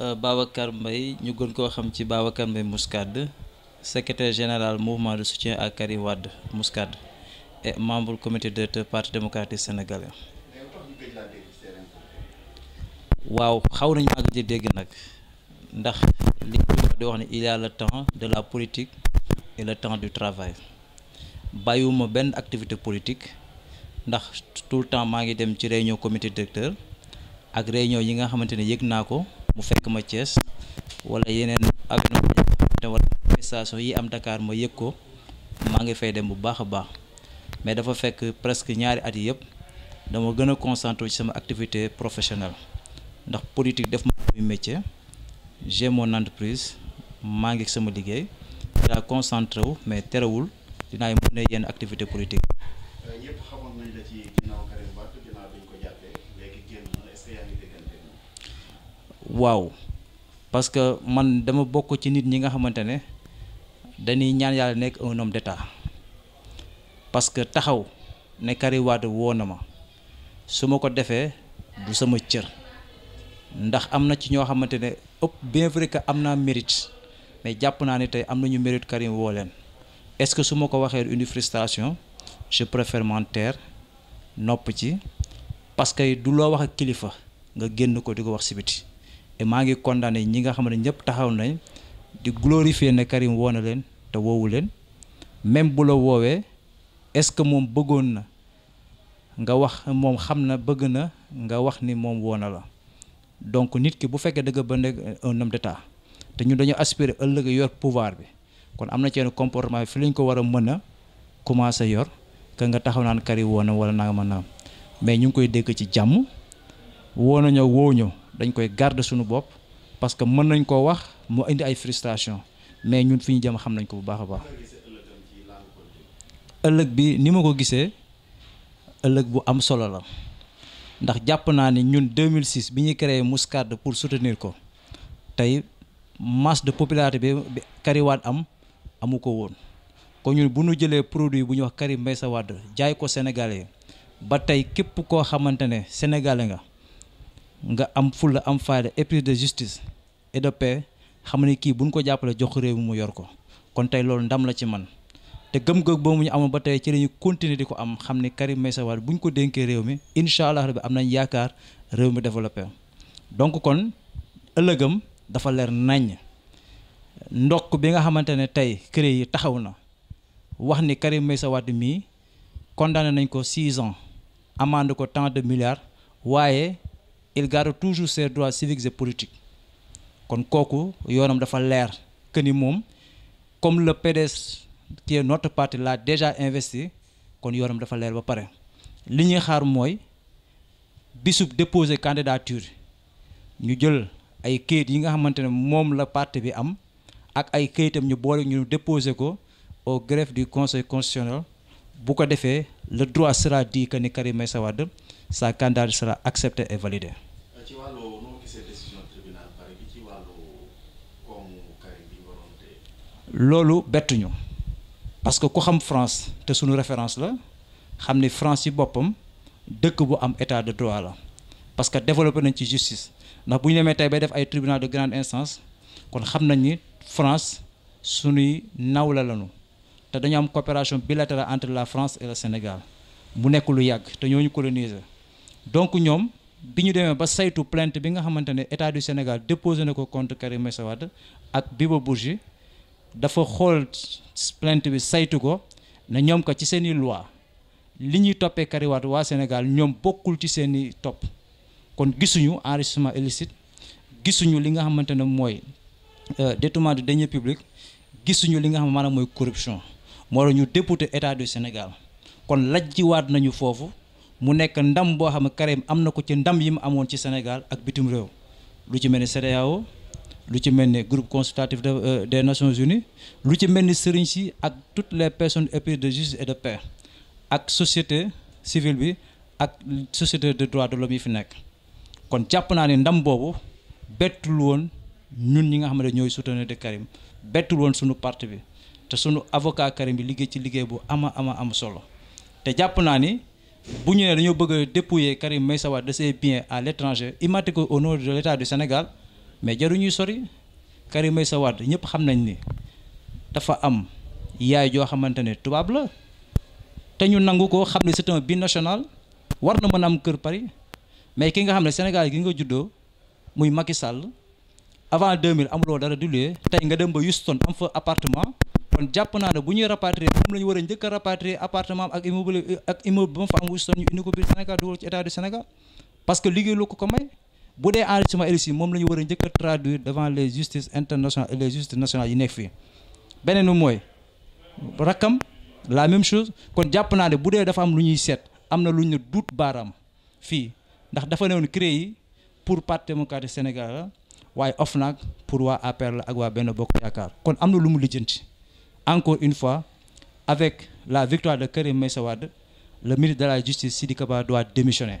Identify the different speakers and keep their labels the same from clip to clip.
Speaker 1: Euh, Babacar mbay ñu gën koo xam ci Babacar Mbaye Muscade secrétaire général mouvement de soutien à Karim Wade Muscade et membre comité directeur parti démocratique sénégalais. waaw xaw nañu àgg di dégg nag ndax li di wax ne il y a temps de la politique et le temps du travail bàyyiwuma benn activité politique ndax tout le temps maa ngi dem ci réunion comité directeur ak réunion yi nga xamante ne yëg naa ko. mu fekk ma Thiès wala yeneen événement te wala manifestation yi am Dakar ma yëg ko maa ngi fay dem bu baax a baax mais dafa fekk presque ñaari at yëpp dama gën a concentré ci sama activité professionnelle ndax politique def ma muy métier j'ai mon entreprise maa ngi sama liggéey dinaa concentré wu mais terewul dinaay mën a yenn activité politique. Euh, waaw parce que man dama bokk ci nit ñi nga xamante ne dañuy ñaan yàlla nekk un homme d'état parce que taxaw ne Karim woo na ma su ma ko defee du sama cër ndax am na ci ñoo xamante ne ëpp bien vrai que am naa mérite mais jàpp naa ne tey am nañu mérite Karim woo leen est-ce que su ma ko waxee une frustration je préfère m'en taire nopp ci parce que du loo wax ak kilifa nga génn ko di ko wax si maa ngi condamné ñi nga xam ne ñëpp taxaw nañ di glorifier ne Karim woo na leen te woowu leen même bu la woowee est-ce que moom bëggoon na nga wax moom xam na bëgg na nga wax ni moom woo na la donc nit ki bu fekkee dëgg ba nekk un homme d'état te ñu dañu aspirer ëllëg yor pouvoir bi kon am na seen comportement fi lañ ko war a mën a commencer yor que nga taxaw naan Karim woo na wala naa mën naa mais ñu ngi koy dégg ci jàmm woo nañoo woo ñëw dañ koy garder suñu bopp parce que mën nañ koo wax mu indi ay frustration mais ñun fi ñu jëm xam nañ ko bu baax a baax. ëllëg bi ni ma ko gisee ëllëg bu am solo la ndax jàpp naa ni ñun 2006 bi ñuy créé Mouskade pour soutenir ko tey masse de popularité bi Karim am amu ko woon ko ñun bu nu jëlee produit bu ñuy wax Karim Meïssa Wade jaay ko Sénégalais ba tey képp koo xamante ne sénégalais nga. nga am fulla am fayda esprit de justice et de paix xam ne kii buñ ko jàppale jox réew mi mu yor ko kon tey loolu ndam la ci man te gëm-gëm boobu ñu amoon ba tey ci la ñu continuer di ko am xam ne Karim Meïssa buñ ko dénkee réew mi incha allah rabbi am nañ yaakaar réew mi développé donc kon ëllëgam dafa leer nàññ ndokk bi nga xamante ne tey CREI yi taxaw na wax ni Karim Meïssa Wade mii condamné nañ ko 6 ans amende ko tant de milliards waaye il garde toujours ses droits civiques et politiques kon kooku yoonam dafa leer que ni moom comme le PDS te not notre parti l'a déjà investi kon yoonam dafa leer ba pare li ñuy xaar mooy bisub déposer candidature ñu jël ay kayit yi nga xamante ne moom la parti bi am ak ay kayitam ñu boole ñu déposé ko au gref du conseil constitutionnel bu ko defee la droit sera dii que ni Karim Meïssa Wade sa candidature sera acceptée et validée loolu bettuñu parce que ku xam France te sunu référence la xam ni France yi boppam dëkk bu am état de droit la parce que développé nañ ci justice ndax bu ñu demee tey bay def ay tribunal de grande instance kon xam nañ ni France suñuy nawla lanu te dañu am coopération bilatérale entre la France et le Sénégal mu nekk lu yàgg te ñooñu ñu coloniser donc ñoom bi ñu demee ba saytu plainte bi nga xamante ne état du Sénégal déposé na ko conte Karim Meïssa ak Bibo Bourgi dafa xool plainte bi saytu ko ne ñoom ko ci seen i loi li ñuy toppee Karim waa Sénégal ñoom bokkul ci seen i topp kon gisuñu enrichissement illicite gisuñu li nga xamante ne mooy euh, détournement de deniers gisuñu li nga xam maanaam mooy corruption moo la ñu député état du Sénégal kon lajjiwaat nañu foofu mu nekk ndam boo xam ne Karim am na ko ci ndam yi mu amoon ci Sénégal ak bitim réew lu ci mel ni CEDEAO lu ci mel ni groupe consultatif de euh, des Nations Unies lu ci mel ni sëriñ si ak toutes les personnes épris de justice de paix ak société civile bi ak société de droit de l'homme yi fi nekk kon jàpp naa ne ndam boobu bettul woon ñun ñi nga xam ne ñooy soutenir de Karim bettul woon suñu parti bi te sunu avocat Karim bi liggéey ci liggéey bu ama ama am solo te jàpp naa ni bu ñu nee dañoo bëgg a dépouiller Karim Meïssa Wade de ses biens à l'étranger immatriculés au nom de l'État du Sénégal mais jaruñuy sori Karim Meïssa Wade ñëpp xam nañ ni dafa am yaay joo xamante ne tubaab la te ñu nangu ko xam ne c'est un national war na mën a am kër Paris mais ki nga xam ne Sénégal gi nga juddoo muy Macky Sall avant 2000 amuloo dara du luyee tey nga dem ba Houston am fa appartement kon jàpp naa bu ñuy rapatrier moom la ñu war a njëkk a rapatrier appartement am ak immeuble ak immeuble ba mu fa am Houston indi ko biir Sénégal dugal ci état du Sénégal parce que liggéey lu ko ko may bu dee enrichissement illicite moom lañu ñu war a njëkk a traduire devant les justices internationales et les justices nationales yi nekk fii beneen bi mooy rakkam la même chose kon jàpp naa ne bu dee dafa am lu ñuy seet am na lu ñu duut baaraam fii ndax dafa newoon CREI yi pour parti démocratique Sénégal la waaye nag pour waa APR la ak waa benn Bokk Yaakaar kon am na lu mu lijjanti encore une fois avec la victoire de Karim Meïssa Wade le ministre de la justice Sidiki Kaba doit démissionner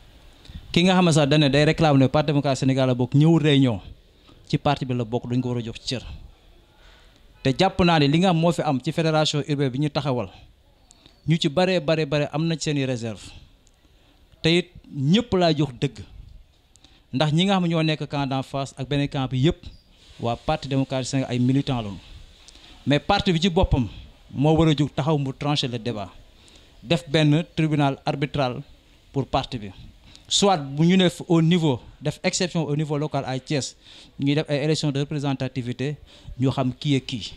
Speaker 1: ki nga xam ne sax dañ ne day réclame ne parti démocratique Sénégal la bokk ñëw réunion ci parti bi la bokk duñ ko war a jox cër te jàpp naa ne li nga xam moo fi am ci fédération urbaine bi ñu taxawal ñu ci baree bare bare am na seen i réserve te it ñëpp laa jox dëgg ndax ñi nga xam ñoo nekk camp d'en face ak beneen camp bi yëpp waa parti démocratique Sénégal ay militants lañu mais parti bi ci boppam moo war a jóg taxaw mu trancher le débat def benn tribunal arbitral pour parti bi soit bu ñu def au niveau def exception au niveau local ay Thiès ñuy def ay élection de représentativité ñu xam kii ak kii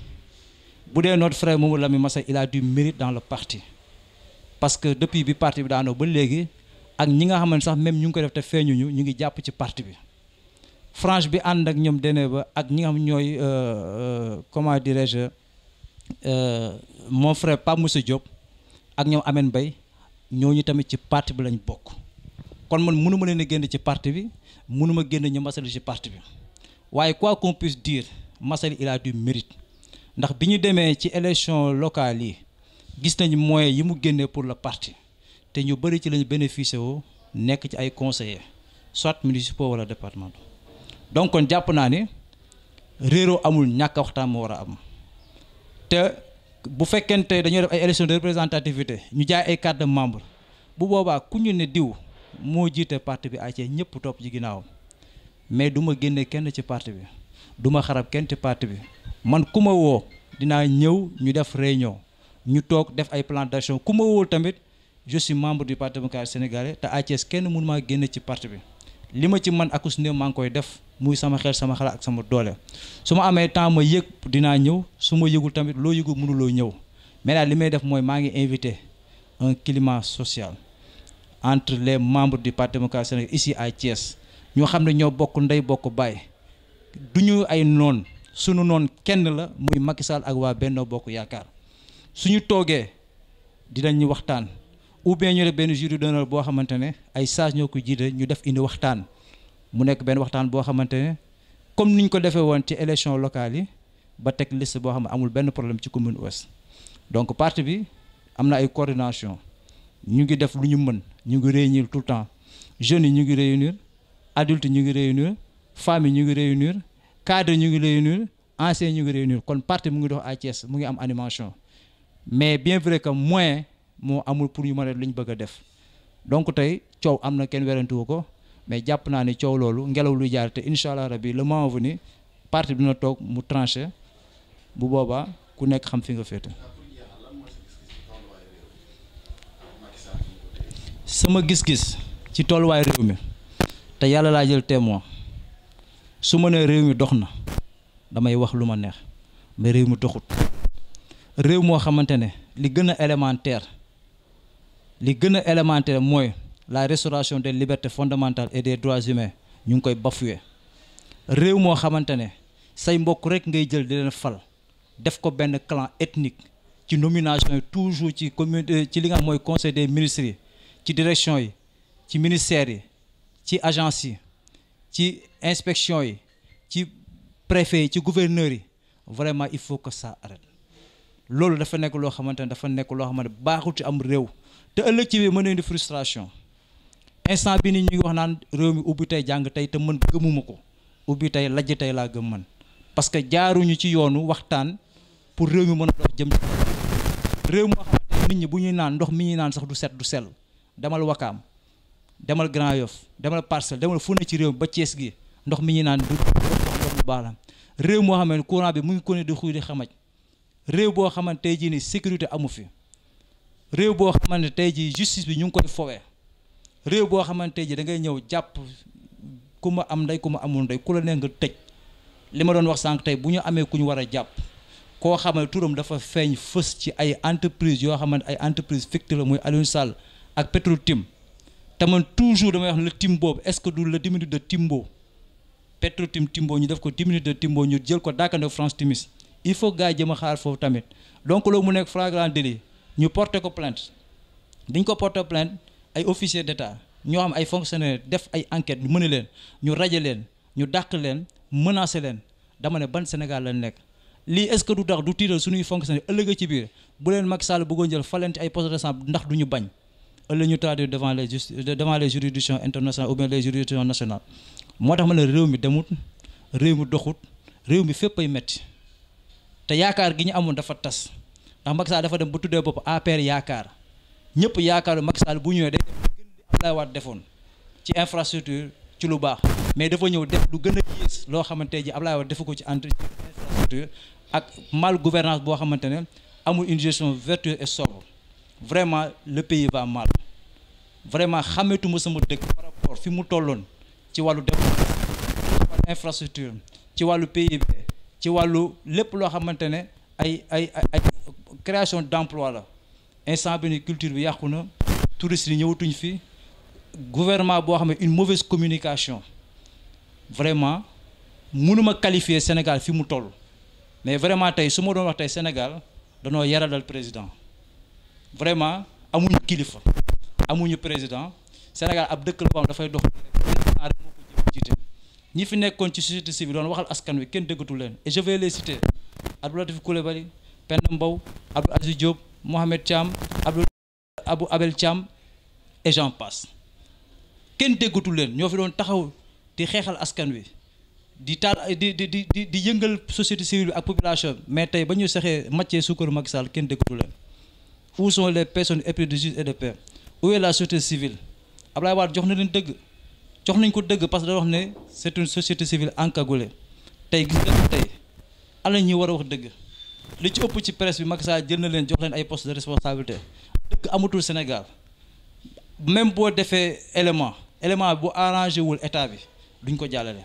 Speaker 1: bu dee notre frère Mamadou mi Massa il a du mérite dans le parti parce que depuis bi parti bi daanoo ba léegi ak ñi nga xam ne sax même ñu ngi ko def te feeñuñu ñu ngi jàpp ci parti bi franche bi ànd ak ñoom dene ba ak ñi nga xam ñooy euh, euh, comment dirais-je euh, mon frère Pape Moussa Diop ak ñoom Amène Mbaye ñooñu tamit ci parti bi lañ bokk kon man mënu leen a génn ci parti bi mënu ma génn ñu Massaly ci parti bi waaye quoi qu'on puisse dire Massaly il a du mérite ndax bi ñu demee ci élection locale yi gis nañu moyens yi mu génnee pour le parti te ñu bëri ci lañ bénéficié woo nekk ci ay conseillers soit municipaux wala départementaux donc kon jàpp naa ne réeroo amul ñàkk waxtaan mu war a am te bu fekkente dañoo def ay élection de représentativité ñu jaay ay carte de membre bu boobaa ku ñu ne diw moo jiite parti bi ayca ñëpp topp ci ginnaaw mais du ma génne kenn ci parti bi du ma xarab kenn ci parti bi man ku ma woo dinaa ñëw ñu def réunion ñu toog def ay plantation ku ma woo tamit je suis membre du parti démocratique sénégalais te Thiès kenn mënu maa génne ci parti bi li ma ci man ak su ne maa ngi koy def muy sama xel sama xalaat ak sama doole su ma amee temps ma yëg dinaa ñëw su ma yëgul tamit loo yëgul mënuloo ñëw mais li may def mooy maa ngi invité un climat social entre les membres du Parti démocratique sénégalais ici à Thiès ñoo xam ne ñoo bokk ndey bokk baay du ñu ay noon sunu noon kenn la muy Macky Sall ak waa Benno Bokk Yaakaar suñu toogee dinañu waxtaan ou bien ñu ne benn jury d'honneur boo xamante ne ay sages ñoo ko jiite ñu def indi waxtaan mu nekk benn waxtaan boo xamante ne comme niñ ko defee woon ci élection locale yi ba teg liste boo xam ne amul benn problème ci commune ouest donc parti bi am na ay coordination ñu ngi def lu ñu mën ñu ngi réunir tout le temps jeunes yi ñu ngi réunir adultes ñu ngi réunir femmes yi ñu ngi réunir cadres ñu ngi réunir anciens ñu ngi réunir kon parti mu ngi dox à Thiès mu ngi am animation mais bien vrai que moyen moo amul pour ñu mën a lu ñu bëgg a def donc tey coow am na kenn werantuwu ko mais jàpp naa ne coow loolu ngelaw lu jaar te incha allah rabi le moment venu parti bi dina toog mu tranché bu boobaa ku nekk xam fi nga féete. sama gis-gis ci tooluwaay réew mi te yàlla laa jël témoin su ma nee réew mi dox na damay wax lu ma neex mais réew mi doxut réew moo xamante ne li gën a élémentaire li gën a élémentaire mooy la restauration des libertés fondamentales et des droits humains ñu ngi koy bafoué réew moo xamante ne say mbokk rek ngay jël di leen fal def ko benn clan ethnique ci nomination yi toujours ci commune ci li nga xam mooy conseil des ministres yi ci direction yi ci ministère yi ci agence yi ci inspection yi ci préfet yi ci gouverneur yi vraiment il faut que ça arrête loolu dafa nekk loo xamante ne dafa nekk loo xamante ne baaxul ci am réew te ëllëg ci biir mën na indi frustration instant bi ni ñu ngi wax naan réew mi ubbi tey jàng tey te mën gëmuma ko ubbi tey lajj tey laa gëm man parce que jaaruñu ci yoonu waxtaan pour réew mi mën a dox jëm réew moo xamante nit ñi bu ñuy naan ndox mi ñuy naan sax du set du sell demal Wakaam demal Grand Yoff demal Parcelles demal fu ne ci réew ba Thiès gi ndox mi ñu naan du ndox mu baax la réew moo xam courant bi mu ngi di xuy di xamaj réew boo xamante tey jii ni sécurité amu fi réew boo xamante tey jii justice bi ñu ngi koy foowee réew boo xamante tey jii da ngay ñëw jàpp ku ma am ndey ku ma amul ndey ku la nee nga tëj li ma doon wax sànq tey bu ñu amee ku ñu war a jàpp koo xam ne turam dafa feeñ fës ci ay entreprise yoo xamante ay entreprise fictive la muy Aliou Sall ak Petro Tim te man toujours damay wax ne le Tim boobu est-ce que du le diminutif de Timbo Petro Tim timboo ñu def ko diminutif de timboo ñu jël ko daakande France Timis il faut gars yi xaar foofu tamit donc loo mu nekk flagrant délit ñu porté ko plainte diñ ko porté plainte ay officiers d'état ñoo xam ay fonctionnaires def ay enquêtes ñu mën leen ñu raje leen ñu dàq leen menacé leen dama ne ban Sénégal lañ nekk lii est-ce que du tax du tiital suñuy fonctionnaires ëllëg ci biir bu leen Macky Sall bëggoon jël falente ay poste de ndax du ñu bañ. ëllëg ñu traduire devant les just devant les juridictions internationales ou bien les juridictions nationales moo tax ma ne réew mi demut réew mi doxut réew mi fépp ay metti te yaakaar gi ñu amoon dafa tas ndax Macky dafa dem bu tuddee bopp APR yaakaar ñëpp yaakaar Macky Sall bu ñëwee day gën di Abdoulaye Wade defoon ci infrastructure ci lu baax mais dafa ñëw def lu gën a loo xamante ji Abdoulaye Wade defu ko ci entretien infrastructure ak mal gouvernance boo xamante ne amul une gestion vertueuse et vraiment le pays va mal vraiment xàmmeetuma sama dëkk par rapport fi mu tolloon ci wàllu développement ci wàllu infrastructure ci wàllu PIB ci wàllu lépp loo xamante ne ay ay ay création d'emploi la instant bi ni culture bi yàqu na touristes yi ñëwatuñ fi gouvernement boo xam ne une mauvaise communication vraiment mënuma qualifier Sénégal fi mu toll mais vraiment tey su ma doon wax tey Sénégal danoo yaralal président vraiment amuñu kilifa amuñu président Sénégal ab dëkk la dafay dox président ñi fi nekkoon ci société civile doon waxal askan wi kenn dëggatul leen et je vais les citer Abdou Latif Coulibaly Penda Mbow Abdou Aziz Diop Mohamed Thiam Abdou Abou Abel Thiam et kenn déggatul leen ñoo fi doon taxaw di xeexal askan wi di taal di di di di yëngal société civile bi ak population mais tey ba ñu saxee màccee sukkar Macky kenn déggatul leen où sont les personnes épris de justice et de paix où est la société civile Ablaye Wade jox na leen dëgg jox nañ ko dëgg parce que da wax ne c'est une société civile encagoulée tey gis nga tey ala ñuy war a wax dëgg li ci ëpp ci presse bi Macky Sall jël na leen jox leen ay postes de responsabilité dëgg amatul Sénégal même boo defee élément élément bu arrangé wul état bi duñ ko jàllale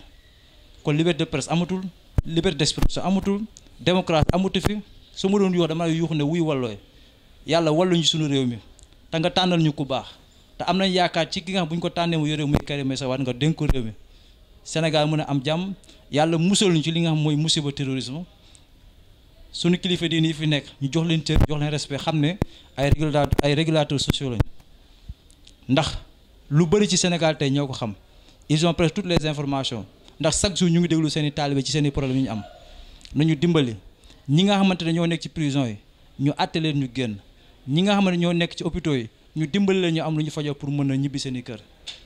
Speaker 1: kon liberté de presse amatul liberté d'expression amatul démocratie amatu fi su ma doon yuux dama yuux ne wuy wallooy yàlla ñu suñu réew mi te nga tànnal ñu ku baax te am nañ yaakaar ci ki nga xam bu ñu ko tànnee mu yore muy Karim Meïssa Wade nga dénk ko réew Sénégal mën a am jàmm yàlla musal ñu ci li nga xam mooy musiba terrorisme suñu kilifa diine yi fi nekk ñu jox leen cër jox leen respect xam ne ay régulateur ay régulateurs sociaux lañ ndax lu bëri ci senegal tey ñoo ko xam ils ont presque toutes les informations ndax chaque jour ñu ngi déglu seen i taalibe ci seen i problème yi ñu am nañu dimbali ñi nga xamante ne ñoo nekk ci prison yi ñu àtte leen ñu génn ñi nga xam ne ñoo nekk ci hôpitaux yi ñu dimbali la ñu am lu ñu fajoo pour mën a ñibbi seeni kër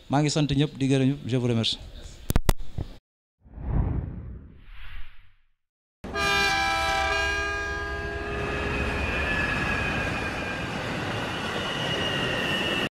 Speaker 1: maa ngi sant ñëpp di gërëm ñëpp je